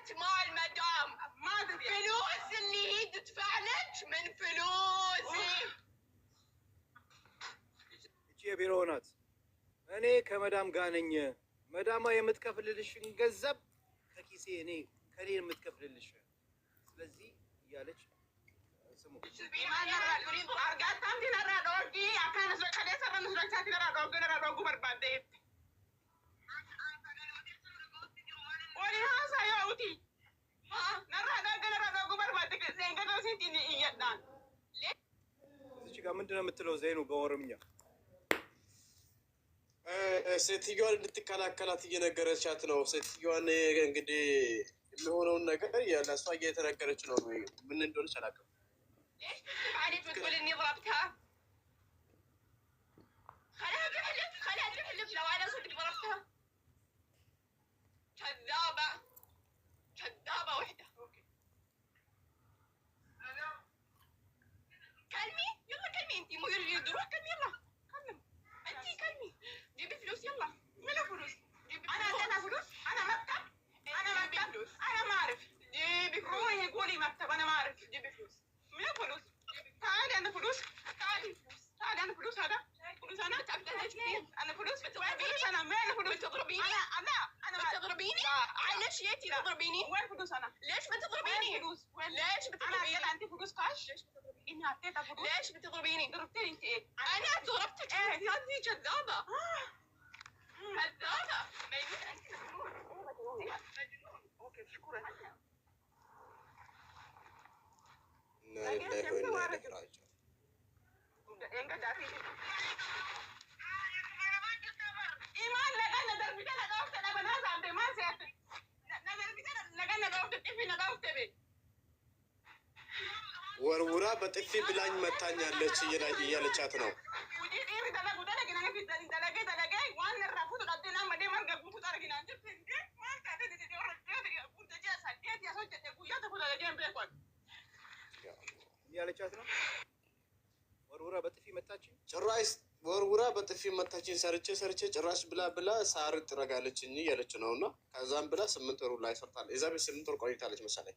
ሄደች ማል መዳም ፍሉስ እንሂድ ትፋለች ምን ፍሉስ እቺ የቢሮ ናት። እኔ ከመዳም ጋር ነኝ። መዳማ የምትከፍልልሽን ገንዘብ ከኪሴ እኔ ከኔ የምትከፍልልሽ ስለዚህ እያለች ስሙ አርጋታም እዚህ ጋር ምንድን ነው የምትለው? ዜኑ በኦሮምኛ ሴትዮዋን እንድትከላከላት እየነገረቻት ነው። ሴትዮዋን እንግዲህ የሚሆነውን ነገር ለእሷ እየተነገረች ነው። ምን እንደሆነች አላውቅም። 很大吧，我。بتضربيني؟ وين فلوس انا؟ ليش بتضربيني؟ وين فلوس؟ وين ليش بتضربيني؟ انا عندي فلوس كاش؟ ليش بتضربيني؟ اني اعطيت فلوس ليش بتضربيني؟ ضربتيني انت ايه؟ انا ضربتك ايه؟, إيه، انت جذابه كذابه مجنون انت مجنون مجنون اوكي مشكوره لا لا لا لا لا በጥፊ ብላኝ መታኛለች እያለቻት ነው። ጭራሽ ወርውራ በጥፊ መታችኝ። ሰርቼ ሰርቼ ጭራሽ ብላ ብላ ሳር ትረጋለችኝ እያለች ነው። እና ከዛም ብላ ስምንት ወሩ ላይ ሰርታለች። የዛ ቤት ስምንት ወር ቆይታለች መሰለኝ።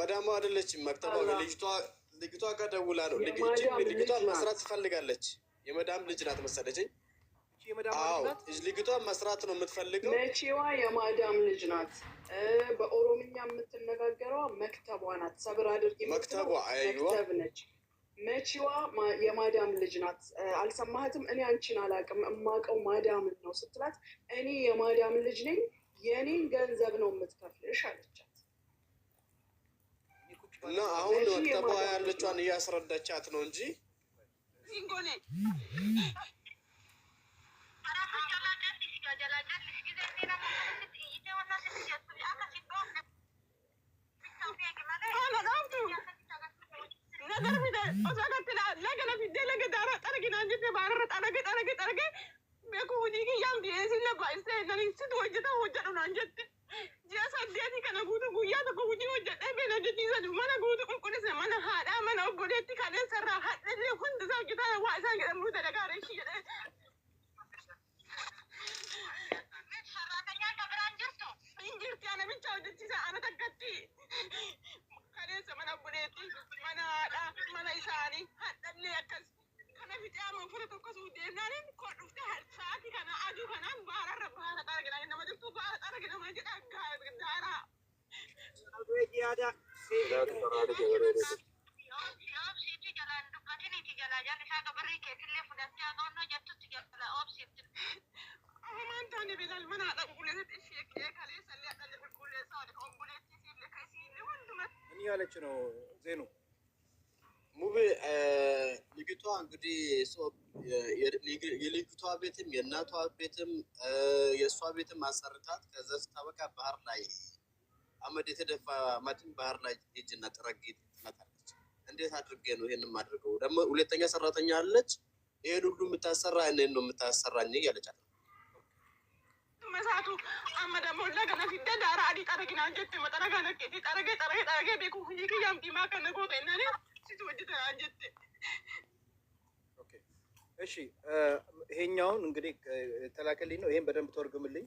መዳሟ አይደለችም። መቅጠባ ልጅቷ ልጅቷ ጋር ደውላ ነው። ልጅቷን መስራት ትፈልጋለች። የመዳም ልጅ ናት መሰለችኝ። ልጅቷ መስራት ነው የምትፈልገው። መቼዋ የማዳም ልጅ ናት። በኦሮምኛ የምትነጋገረዋ መክተቧ ናት። ሰብር አድርጊ መክተቧ መክተብ ነች። መቼዋ የማዳም ልጅ ናት። አልሰማህትም? እኔ አንቺን አላውቅም እማውቀው ማዳምን ነው ስትላት፣ እኔ የማዳም ልጅ ነኝ፣ የኔን ገንዘብ ነው የምትከፍልሽ አለቻት። እና አሁን ወጠባ ያለቿን እያስረዳቻት ነው እንጂ Siyaasa guutuu guyyaa tokko hojii hojjedhee beela hojjechiisan mana guutuu qulqullisan mana haadhaa mana obboleetti kaadheen sarara hadhee hundi isaa ያለች ነው ዜኑ ሙቤ ልጅቷ እንግዲህ የልጅቷ ቤትም የእናቷ ቤትም የእሷ ቤትም አሰርታት ከዛ ስታበቃ ባህር ላይ አመድ የተደፋ ማድን ባህር ላይ ሄጅና ጥረግ ትላታለች። እንዴት አድርጌ ነው ይሄንን ማድርገው? ደግሞ ሁለተኛ ሰራተኛ አለች። ይሄን ሁሉ የምታሰራ እኔን ነው የምታሰራኝ እያለች አለ መሳቱ እሺ ይሄኛውን እንግዲህ ተላከልኝ ነው። ይሄን በደንብ ተወርግምልኝ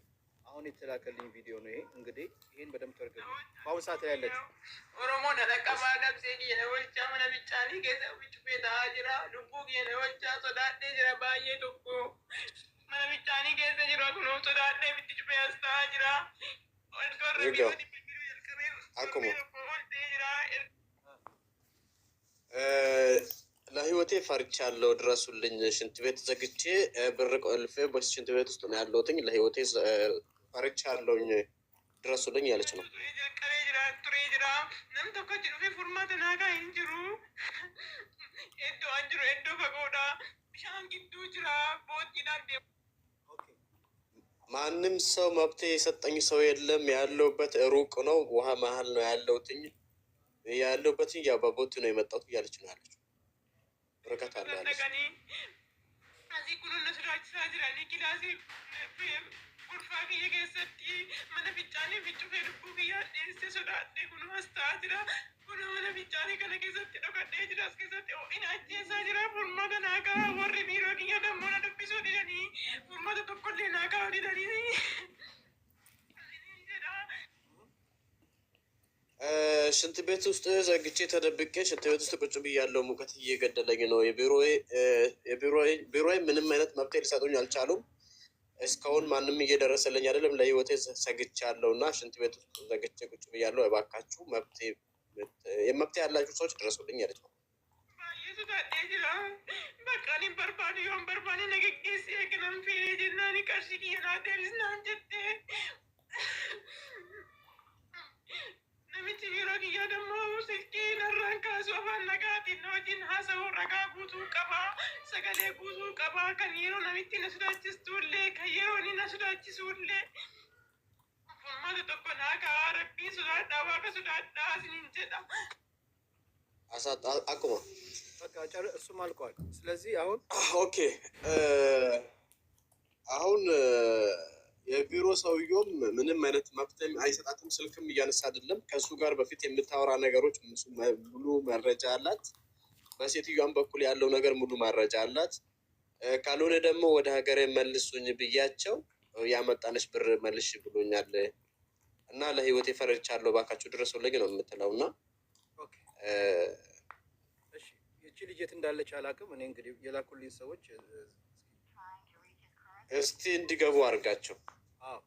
አሁን የተላከልኝ ቪዲዮ ነው ይሄ። እንግዲህ ይህን በደንብ ተርገሙ። በአሁኑ ሰዓት ላይ ያለች ኦሮሞ ነጠቀማ ደብሴኒ ነወልቻ መነብጫ ሊገዛ ውጭ ቤታ ልቡ ባየ ቶኮ ብትጭ ለህይወቴ ፈርቻለሁ፣ ድረሱልኝ። ሽንት ቤት ዘግቼ ብር ቆልፌ ሽንት ቤት ውስጥ ነው ያለሁትኝ። ለህይወቴ ፈርቻ አለውኝ ድረሱልኝ ያለች ነው። ማንም ሰው መብቴ የሰጠኝ ሰው የለም። ያለውበት ሩቅ ነው፣ ውሃ መሀል ነው ያለውትኝ ያለውበትን ያው በቦት ነው የመጣት እያለች ነው ያለች። ርቀት አለ ያለች ಹಾಗೆಯೇ ಸತ್ತಿ ಮನ ವಿಚಾನೆ ಬಿಟ್ಟು ಬೆರುಪುಗಿಯ ದೇಶ ಸುರಾತ್ನೆ ಗುಣವಸ್ತಾದಿರ ಗುಣವನ ವಿಚಾನೆ ಕನಗೆ ಸತ್ತಿನ ಕಟ್ಟೇಜಿರ ಅಸ್ಕೆ ಸತ್ಯ ಇನ ಅಜ್ಜೆ ಸಾಜಿರ ಪುರ್ಮದ ನಾಕ ಹೊರ್ರಿ ನೀರೋಗಿಯ ನಮ್ಮನ ಡುಪ್ಪಿಸೋದಿರನಿ ಪುರ್ಮದ ತೊಕ್ಕೊಳ್ಳಿ ನಾಕ ಆಡಿದನಿ ሽንት ቤት ውስጥ ዘግቼ ተደብቄ ሽንት ቤት ውስጥ ቁጭ ብዬ ያለው ሙቀት እየገደለኝ ነው። የቢሮዬ ምንም አይነት መብት ሊሰጡኝ አልቻሉም። እስካሁን ማንም እየደረሰልኝ አይደለም። ለህይወቴ ሰግቻለሁ እና ሽንት ቤት ውስጥ ዘግቼ ቁጭ ብያለሁ። እባካችሁ መብት ያላችሁ ሰዎች ድረሱልኝ ያለች ነው። sagalee guutuu qabaa kan yeroo namitti na sodaachistullee kan yeroo ni na sodaachisuullee ummata tokko naa kaa rabbii sodaadhaa waaqa sodaadhaa isiniin jedha akkuma እሱም አልቋል። ስለዚህ አሁን ኦኬ አሁን የቢሮ ሰውየውም ምንም አይነት መብትም አይሰጣትም። ስልክም እያነሳ አይደለም። ከእሱ ጋር በፊት የምታወራ ነገሮች ሙሉ መረጃ አላት። በሴትዮዋም በኩል ያለው ነገር ሙሉ መረጃ አላት። ካልሆነ ደግሞ ወደ ሀገር መልሱኝ ብያቸው ያመጣነች ብር መልሽ ብሎኛል እና ለህይወት የፈረቻለሁ ባካቸው ድረሱልኝ ነው የምትለው እና ይቺ ልጅት እንዳለች አላውቅም። እኔ እንግዲህ የላኩልኝ ሰዎች እስቲ እንዲገቡ አድርጋቸው። Oh.